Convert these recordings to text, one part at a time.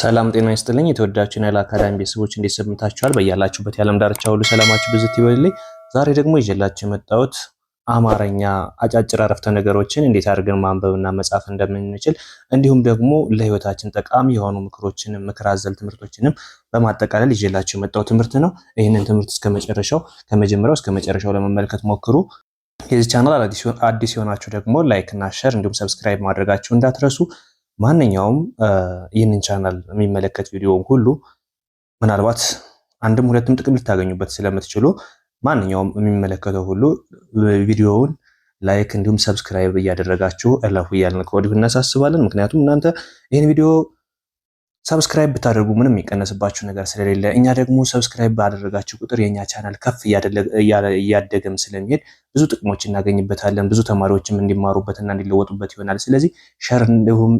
ሰላም ጤና ይስጥልኝ። የተወዳችሁ ናይል አካዳሚ ቤተሰቦች እንዴት ሰምታችኋል? በያላችሁበት የዓለም ዳርቻ ሁሉ ሰላማችሁ ብዝት ይበልልኝ። ዛሬ ደግሞ ይዤላችሁ የመጣሁት አማርኛ አጫጭር አረፍተ ነገሮችን እንዴት አድርገን ማንበብና መጻፍ እንደምንችል እንዲሁም ደግሞ ለህይወታችን ጠቃሚ የሆኑ ምክሮችንም ምክር አዘል ትምህርቶችንም በማጠቃለል ይዤላችሁ የመጣው ትምህርት ነው። ይህንን ትምህርት እስከ መጨረሻው ከመጀመሪያው እስከ መጨረሻው ለመመልከት ሞክሩ። የዚህ ቻናል አዲስ የሆናችሁ ደግሞ ላይክ እና ሸር እንዲሁም ሰብስክራይብ ማድረጋችሁ እንዳትረሱ። ማንኛውም ይህንን ቻናል የሚመለከት ቪዲዮም ሁሉ ምናልባት አንድም ሁለትም ጥቅም ልታገኙበት ስለምትችሉ ማንኛውም የሚመለከተው ሁሉ ቪዲዮውን ላይክ እንዲሁም ሰብስክራይብ እያደረጋችሁ እለፉ እያልን ከወዲሁ እናሳስባለን። ምክንያቱም እናንተ ይህን ቪዲዮ ሰብስክራይብ ብታደርጉ ምንም የሚቀነስባችሁ ነገር ስለሌለ እኛ ደግሞ ሰብስክራይብ ባደረጋችሁ ቁጥር የእኛ ቻናል ከፍ እያደገም ስለሚሄድ ብዙ ጥቅሞች እናገኝበታለን። ብዙ ተማሪዎችም እንዲማሩበትና እንዲለወጡበት ይሆናል። ስለዚህ ሸር፣ እንዲሁም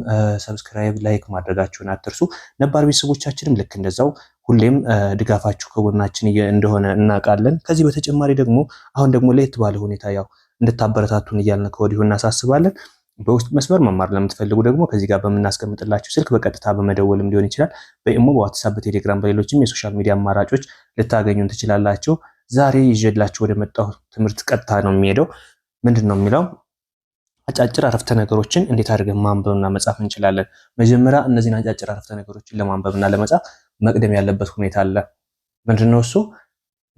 ሰብስክራይብ፣ ላይክ ማድረጋችሁን አትርሱ። ነባር ቤተሰቦቻችንም ልክ እንደዛው ሁሌም ድጋፋችሁ ከጎናችን እንደሆነ እናውቃለን። ከዚህ በተጨማሪ ደግሞ አሁን ደግሞ ለየት ባለ ሁኔታ ያው እንድታበረታቱን እያልን ከወዲሁ እናሳስባለን። በውስጥ መስመር መማር ለምትፈልጉ ደግሞ ከዚህ ጋር በምናስቀምጥላችሁ ስልክ በቀጥታ በመደወልም ሊሆን ይችላል። በኢሞ፣ በዋትሳፕ፣ በቴሌግራም በሌሎችም የሶሻል ሚዲያ አማራጮች ልታገኙን ትችላላችሁ። ዛሬ ይዤላችሁ ወደ መጣሁ ትምህርት ቀጥታ ነው የሚሄደው። ምንድን ነው የሚለው አጫጭር አረፍተ ነገሮችን እንዴት አድርገን ማንበብና መጻፍ እንችላለን። መጀመሪያ እነዚህን አጫጭር አረፍተ ነገሮችን ለማንበብና ለመጻፍ መቅደም ያለበት ሁኔታ አለ። ምንድን ነው እሱ?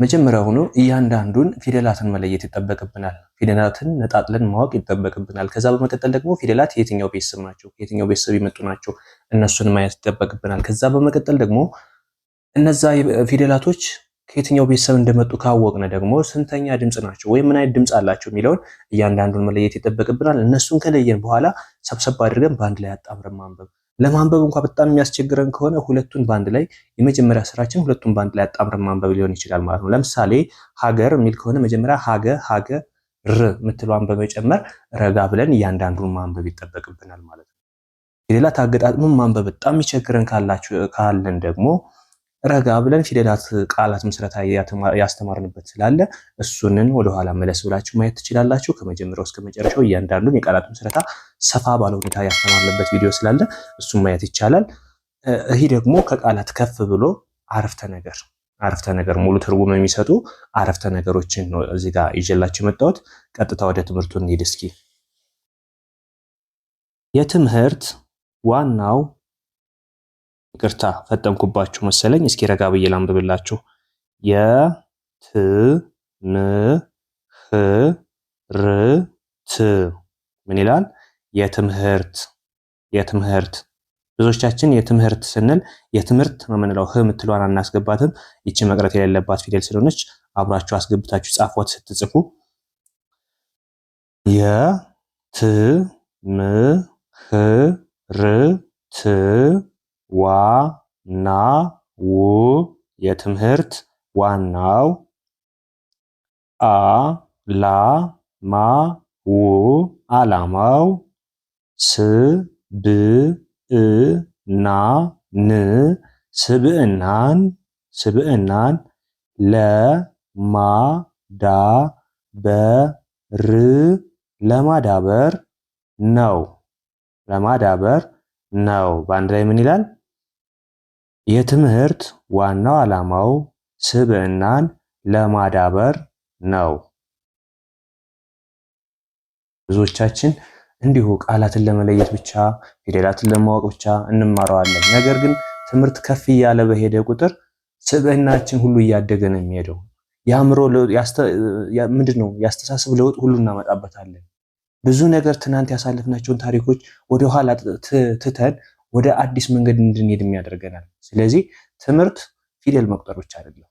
መጀመሪያውኑ እያንዳንዱን ፊደላትን መለየት ይጠበቅብናል። ፊደላትን ነጣጥለን ማወቅ ይጠበቅብናል። ከዛ በመቀጠል ደግሞ ፊደላት የትኛው ቤተሰብ ናቸው፣ የትኛው ቤተሰብ የመጡ ናቸው፣ እነሱን ማየት ይጠበቅብናል። ከዛ በመቀጠል ደግሞ እነዛ ፊደላቶች ከየትኛው ቤተሰብ እንደመጡ ካወቅነ ደግሞ ስንተኛ ድምፅ ናቸው ወይም ምን አይነት ድምፅ አላቸው የሚለውን እያንዳንዱን መለየት ይጠበቅብናል። እነሱን ከለየን በኋላ ሰብሰብ አድርገን በአንድ ላይ አጣምረን ማንበብ ለማንበብ እንኳ በጣም የሚያስቸግረን ከሆነ ሁለቱን ባንድ ላይ የመጀመሪያ ስራችን ሁለቱን ባንድ ላይ አጣምረን ማንበብ ሊሆን ይችላል ማለት ነው። ለምሳሌ ሀገር የሚል ከሆነ መጀመሪያ ሀገ ሀገ ር የምትለዋን በመጨመር ረጋ ብለን እያንዳንዱን ማንበብ ይጠበቅብናል ማለት ነው። ፊደላት አገጣጥሙን ማንበብ በጣም የሚቸግረን ካለን ደግሞ ረጋ ብለን ፊደላት ቃላት ምስረታ ያስተማርንበት ስላለ እሱንን ወደኋላ መለስ ብላችሁ ማየት ትችላላችሁ። ከመጀመሪያው እስከ መጨረሻው እያንዳንዱን የቃላት ምስረታ ሰፋ ባለ ሁኔታ ያስተማርንበት ቪዲዮ ስላለ እሱም ማየት ይቻላል። ይህ ደግሞ ከቃላት ከፍ ብሎ አረፍተ ነገር አረፍተ ነገር ሙሉ ትርጉም የሚሰጡ አረፍተ ነገሮችን ነው እዚህ ጋር ይዤላችሁ የመጣሁት። ቀጥታ ወደ ትምህርቱ እንሂድ እስኪ። የትምህርት ዋናው ይቅርታ ፈጠንኩባችሁ መሰለኝ። እስኪ ረጋ ብዬ ላንብብላችሁ። የትምህርት ምን ይላል? የትምህርት የትምህርት ብዙዎቻችን የትምህርት ስንል የትምህርት ነው የምንለው። ህ ምትሏን አናስገባትም። ይቺ መቅረት የሌለባት ፊደል ስለሆነች አብራችሁ አስገብታችሁ ጻፎት ስትጽፉ። የትምህርት ዋናው የትምህርት ዋናው አላማው አላማው ስብእናን ስብእናን ስብእናን ለማዳበር ለማዳበር ነው ለማዳበር ነው። በአንድ ላይ ምን ይላል? የትምህርት ዋናው ዓላማው ስብእናን ለማዳበር ነው። ብዙዎቻችን እንዲሁ ቃላትን ለመለየት ብቻ ፊደላትን ለማወቅ ብቻ እንማረዋለን። ነገር ግን ትምህርት ከፍ እያለ በሄደ ቁጥር ስብዕናችን ሁሉ እያደገ ነው የሚሄደው። የአእምሮ ምንድን ነው የአስተሳሰብ ለውጥ ሁሉ እናመጣበታለን። ብዙ ነገር ትናንት ያሳለፍናቸውን ታሪኮች ወደኋላ ትተን ወደ አዲስ መንገድ እንድንሄድ የሚያደርገናል። ስለዚህ ትምህርት ፊደል መቁጠር ብቻ አይደለም።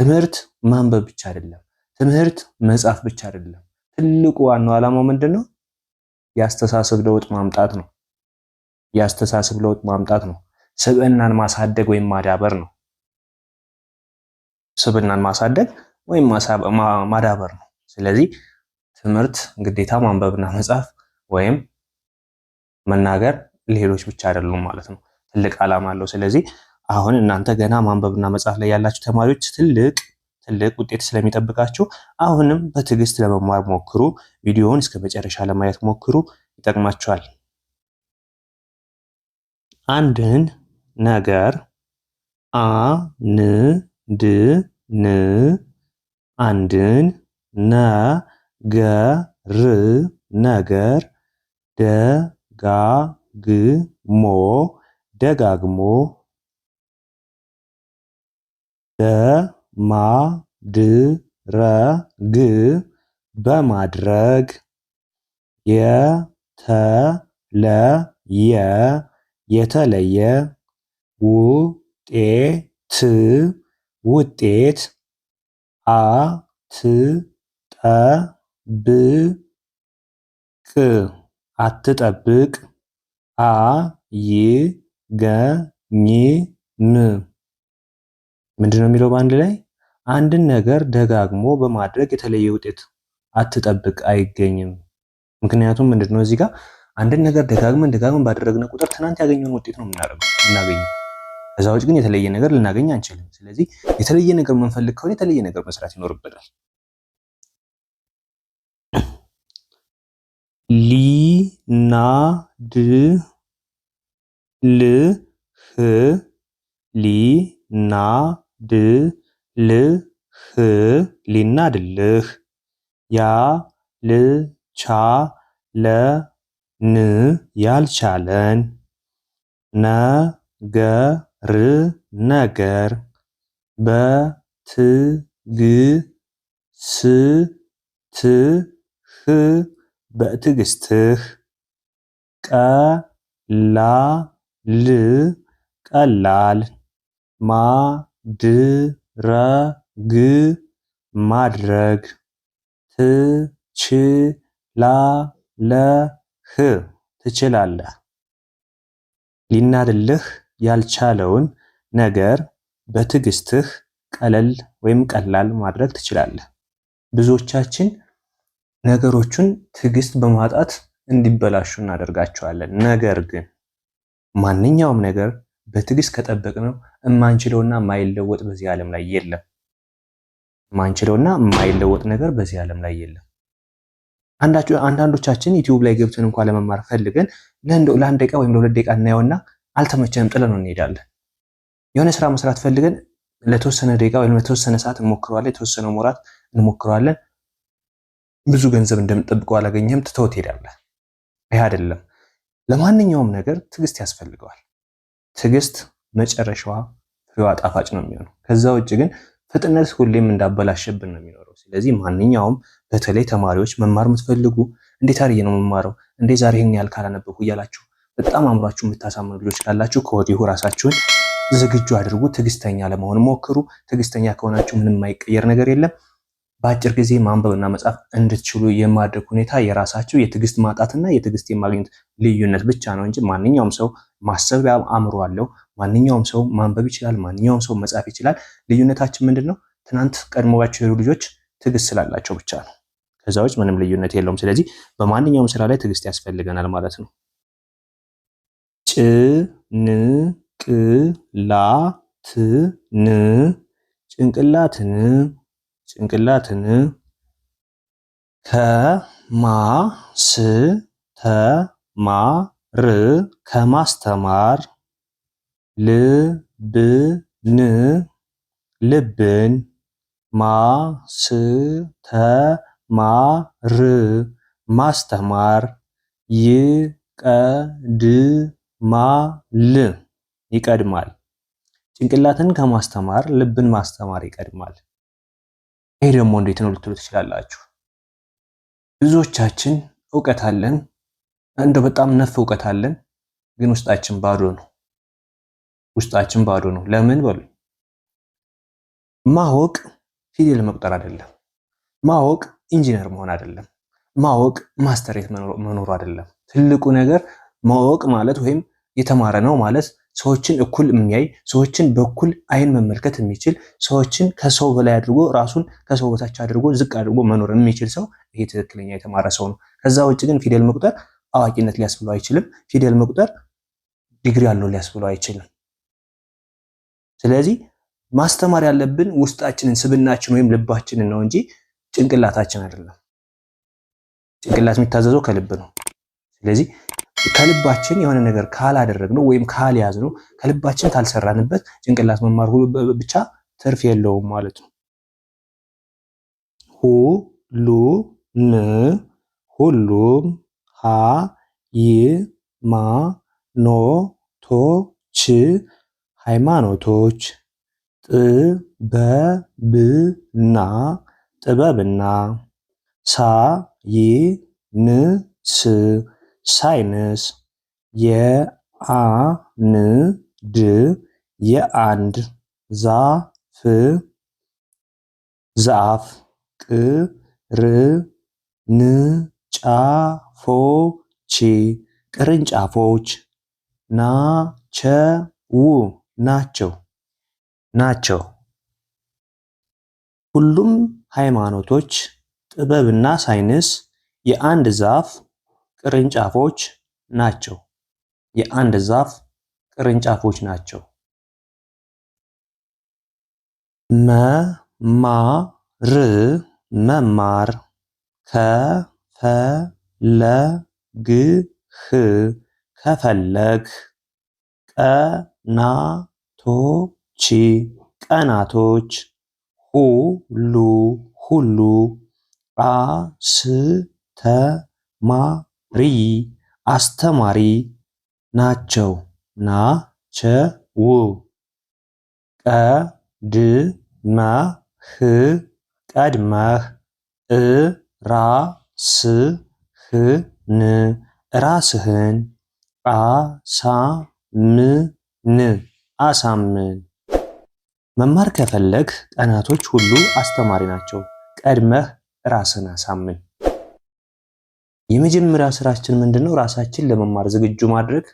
ትምህርት ማንበብ ብቻ አይደለም። ትምህርት መጻፍ ብቻ አይደለም። ትልቁ ዋናው ዓላማው ምንድን ነው? የአስተሳሰብ ለውጥ ማምጣት ነው። የአስተሳሰብ ለውጥ ማምጣት ነው። ስብዕናን ማሳደግ ወይም ማዳበር ነው። ስብዕናን ማሳደግ ወይም ማዳበር ነው። ስለዚህ ትምህርት ግዴታ ማንበብና መጻፍ ወይም መናገር ሌሎች ብቻ አይደሉም ማለት ነው። ትልቅ ዓላማ አለው። ስለዚህ አሁን እናንተ ገና ማንበብና መጻፍ ላይ ያላችሁ ተማሪዎች ትልቅ ትልቅ ውጤት ስለሚጠብቃችሁ አሁንም በትዕግስት ለመማር ሞክሩ። ቪዲዮውን እስከ መጨረሻ ለማየት ሞክሩ፣ ይጠቅማችኋል። አንድን ነገር አ ን ድ ን አንድን ነገር ነገር ደጋግሞ ደጋግሞ ደ ማድረግ በማድረግ የተለየ የተለየ ውጤት ውጤት አትጠብቅ አትጠብቅ አይገኝም ምንድን ነው የሚለው በአንድ ላይ አንድን ነገር ደጋግሞ በማድረግ የተለየ ውጤት አትጠብቅ አይገኝም። ምክንያቱም ምንድን ነው እዚህ ጋር አንድን ነገር ደጋግመን ደጋግመን ባደረግነ ቁጥር ትናንት ያገኘውን ውጤት ነው የምናገኘው። ከዛ ውጭ ግን የተለየ ነገር ልናገኝ አንችልም። ስለዚህ የተለየ ነገር የምንፈልግ ከሆነ የተለየ ነገር መስራት ይኖርበታል። ና ድ ልህ ሊናድልህ ያ ልቻ ን ያልቻለን ነገር ነገር በትግስትህ ቀላል ቀላል ማድ ረግ ማድረግ ትችላለህ ትችላለህ ሊናድልህ ያልቻለውን ነገር በትዕግስትህ ቀለል ወይም ቀላል ማድረግ ትችላለህ። ብዙዎቻችን ነገሮቹን ትዕግስት በማጣት እንዲበላሹ እናደርጋቸዋለን። ነገር ግን ማንኛውም ነገር በትዕግስት ከጠበቅነው የማንችለውና የማይለወጥ በዚህ ዓለም ላይ የለም። የማንችለውና የማይለወጥ ነገር በዚህ ዓለም ላይ የለም። አንዳንዶቻችን ዩቲዩብ ላይ ገብተን እንኳን ለመማር ፈልገን ለአንድ ደቂቃ ወይም ለሁለት ደቂቃ እናየውና አልተመቸንም፣ ጥለን እንሄዳለን። የሆነ ስራ መስራት ፈልገን ለተወሰነ ደቂቃ ወይም ለተወሰነ ሰዓት እንሞክረዋለን፣ የተወሰነ ወራት እንሞክረዋለን። ብዙ ገንዘብ እንደምጠብቀው አላገኘህም፣ ትተው ትሄዳለህ። ይህ አይደለም። ለማንኛውም ነገር ትዕግስት ያስፈልገዋል። ትዕግስት መጨረሻዋ ፍሬዋ ጣፋጭ ነው የሚሆነው። ከዛ ውጭ ግን ፍጥነት ሁሌም እንዳበላሸብን ነው የሚኖረው። ስለዚህ ማንኛውም በተለይ ተማሪዎች መማር የምትፈልጉ እንዴት አርዬ ነው መማረው እንዴ ዛሬ ይህን ያህል ካላነበብኩ እያላችሁ በጣም አእምሯችሁ የምታሳምኑ ልጆች ካላችሁ ከወዲሁ ራሳችሁን ዝግጁ አድርጉ። ትዕግስተኛ ለመሆን ሞክሩ። ትዕግስተኛ ከሆናችሁ ምንም የማይቀየር ነገር የለም። በአጭር ጊዜ ማንበብና መጻፍ እንድትችሉ የማድረግ ሁኔታ የራሳቸው የትዕግስት ማጣትና የትዕግስት የማግኘት ልዩነት ብቻ ነው እንጂ ማንኛውም ሰው ማሰቢያ አእምሮ አለው። ማንኛውም ሰው ማንበብ ይችላል። ማንኛውም ሰው መጻፍ ይችላል። ልዩነታችን ምንድን ነው? ትናንት ቀድሞባቸው የሄዱ ልጆች ትዕግስት ስላላቸው ብቻ ነው። ከዛ ውጭ ምንም ልዩነት የለውም። ስለዚህ በማንኛውም ስራ ላይ ትዕግስት ያስፈልገናል ማለት ነው። ጭንቅላትን ጭንቅላትን ጭንቅላትን ከማስተማር ከማስተማር ልብን ልብን ማስተማር ማስተማር ይቀድማል ይቀድማል ጭንቅላትን ከማስተማር ልብን ማስተማር ይቀድማል። ይሄ ደግሞ እንዴት ነው ልትሉ ትችላላችሁ። ብዙዎቻችን እውቀት አለን፣ እንደው በጣም ነፍ እውቀት አለን፣ ግን ውስጣችን ባዶ ነው። ውስጣችን ባዶ ነው። ለምን በሉ ማወቅ ፊደል መቁጠር አይደለም። ማወቅ ኢንጂነር መሆን አይደለም። ማወቅ ማስተሬት መኖሩ አይደለም። ትልቁ ነገር ማወቅ ማለት ወይም የተማረ ነው ማለት ሰዎችን እኩል የሚያይ ሰዎችን በኩል አይን መመልከት የሚችል ሰዎችን ከሰው በላይ አድርጎ ራሱን ከሰው በታች አድርጎ ዝቅ አድርጎ መኖር የሚችል ሰው ይሄ ትክክለኛ የተማረ ሰው ነው። ከዛ ውጭ ግን ፊደል መቁጠር አዋቂነት ሊያስብለው አይችልም። ፊደል መቁጠር ዲግሪ ያለው ሊያስብለው አይችልም። ስለዚህ ማስተማር ያለብን ውስጣችንን፣ ስብናችን ወይም ልባችንን ነው እንጂ ጭንቅላታችን አይደለም። ጭንቅላት የሚታዘዘው ከልብ ነው። ስለዚህ ከልባችን የሆነ ነገር ካላደረግነው ወይም ካልያዝነው ከልባችን ካልሰራንበት ጭንቅላት መማር ብቻ ትርፍ የለውም ማለት ነው። ሁ ሉ ን ሁሉም ሀ ይ ማ ኖ ቶ ች ሃይማኖቶች ጥበብና ጥበብና ሳ ይ ን ስ ሳይንስ የአንድ የአንድ ዛፍ ዛፍ ቅር ቅርንጫፎች ቅርንጫፎች ናቸው ናቸው ናቸው። ሁሉም ሃይማኖቶች ጥበብና ሳይንስ የአንድ ዛፍ ቅርንጫፎች ናቸው። የአንድ ዛፍ ቅርንጫፎች ናቸው። መማር መማር ከፈለግህ ከፈለግ ቀናቶች ቀናቶች ሁሉ ሁሉ አስተማ ሪ አስተማሪ ናቸው ና ድ ቀድመ ህ ቀድመህ እራስህን ራስህን አሳምን አሳምን መማር ከፈለግ ቀናቶች ሁሉ አስተማሪ ናቸው። ቀድመህ ራስህን አሳምን የመጀመሪያ ስራችን ምንድነው? ራሳችን ለመማር ዝግጁ ማድረግ፣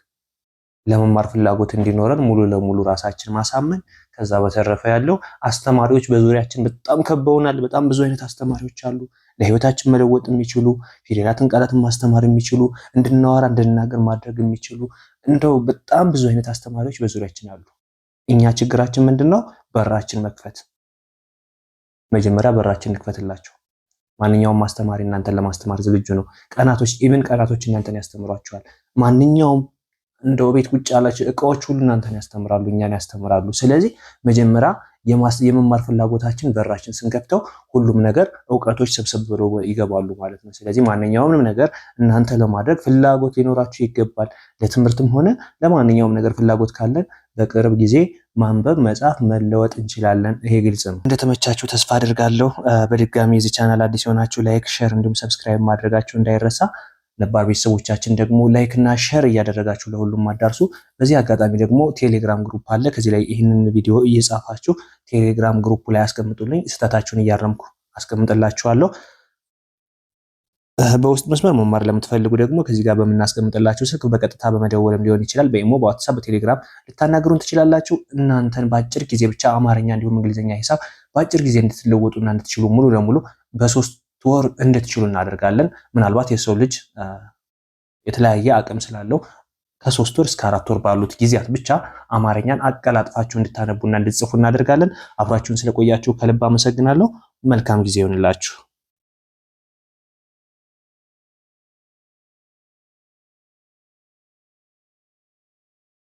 ለመማር ፍላጎት እንዲኖረን ሙሉ ለሙሉ ራሳችን ማሳመን። ከዛ በተረፈ ያለው አስተማሪዎች በዙሪያችን በጣም ከበውናል። በጣም ብዙ አይነት አስተማሪዎች አሉ፣ ለህይወታችን መለወጥ የሚችሉ ፊደላትን፣ ቃላትን ማስተማር የሚችሉ እንድናወራ፣ እንድናገር ማድረግ የሚችሉ እንደው በጣም ብዙ አይነት አስተማሪዎች በዙሪያችን አሉ። እኛ ችግራችን ምንድነው? በራችን መክፈት። መጀመሪያ በራችን እንክፈትላቸው። ማንኛውም ማስተማሪ እናንተን ለማስተማር ዝግጁ ነው። ቀናቶች ኢቭን ቀናቶች እናንተን ያስተምሯቸዋል። ማንኛውም እንደው ቤት ቁጭ ያላቸው እቃዎች ሁሉ እናንተን ያስተምራሉ፣ እኛን ያስተምራሉ። ስለዚህ መጀመሪያ የመማር ፍላጎታችን በራችን ስንከፍተው ሁሉም ነገር እውቀቶች ሰብሰብ ብለው ይገባሉ ማለት ነው። ስለዚህ ማንኛውም ነገር እናንተ ለማድረግ ፍላጎት ሊኖራችሁ ይገባል። ለትምህርትም ሆነ ለማንኛውም ነገር ፍላጎት ካለን በቅርብ ጊዜ ማንበብ መጻፍ መለወጥ እንችላለን። ይሄ ግልጽ ነው። እንደተመቻችሁ ተስፋ አድርጋለሁ። በድጋሚ የዚህ ቻናል አዲስ የሆናችሁ ላይክ፣ ሸር እንዲሁም ሰብስክራይብ ማድረጋችሁ እንዳይረሳ። ነባር ቤተሰቦቻችን ደግሞ ላይክ እና ሼር እያደረጋችሁ ለሁሉም አዳርሱ። በዚህ አጋጣሚ ደግሞ ቴሌግራም ግሩፕ አለ። ከዚህ ላይ ይህንን ቪዲዮ እየጻፋችሁ ቴሌግራም ግሩፕ ላይ አስቀምጡልኝ። ስህተታችሁን እያረምኩ አስቀምጥላችኋለሁ። በውስጥ መስመር መማር ለምትፈልጉ ደግሞ ከዚህ ጋር በምናስቀምጥላችሁ ስልክ በቀጥታ በመደወልም ሊሆን ይችላል። በኢሞ፣ በዋትሳፕ፣ በቴሌግራም ልታናግሩን ትችላላችሁ። እናንተን በአጭር ጊዜ ብቻ አማርኛ እንዲሁም እንግሊዝኛ፣ ሂሳብ በአጭር ጊዜ እንድትለወጡና እንድትችሉ ሙሉ ለሙሉ በሶስት ወር እንድትችሉ እናደርጋለን። ምናልባት የሰው ልጅ የተለያየ አቅም ስላለው ከሶስት ወር እስከ አራት ወር ባሉት ጊዜያት ብቻ አማርኛን አቀላጥፋችሁ እንድታነቡና እንድትጽፉ እናደርጋለን። አብራችሁን ስለቆያችሁ ከልብ አመሰግናለሁ። መልካም ጊዜ ይሆንላችሁ።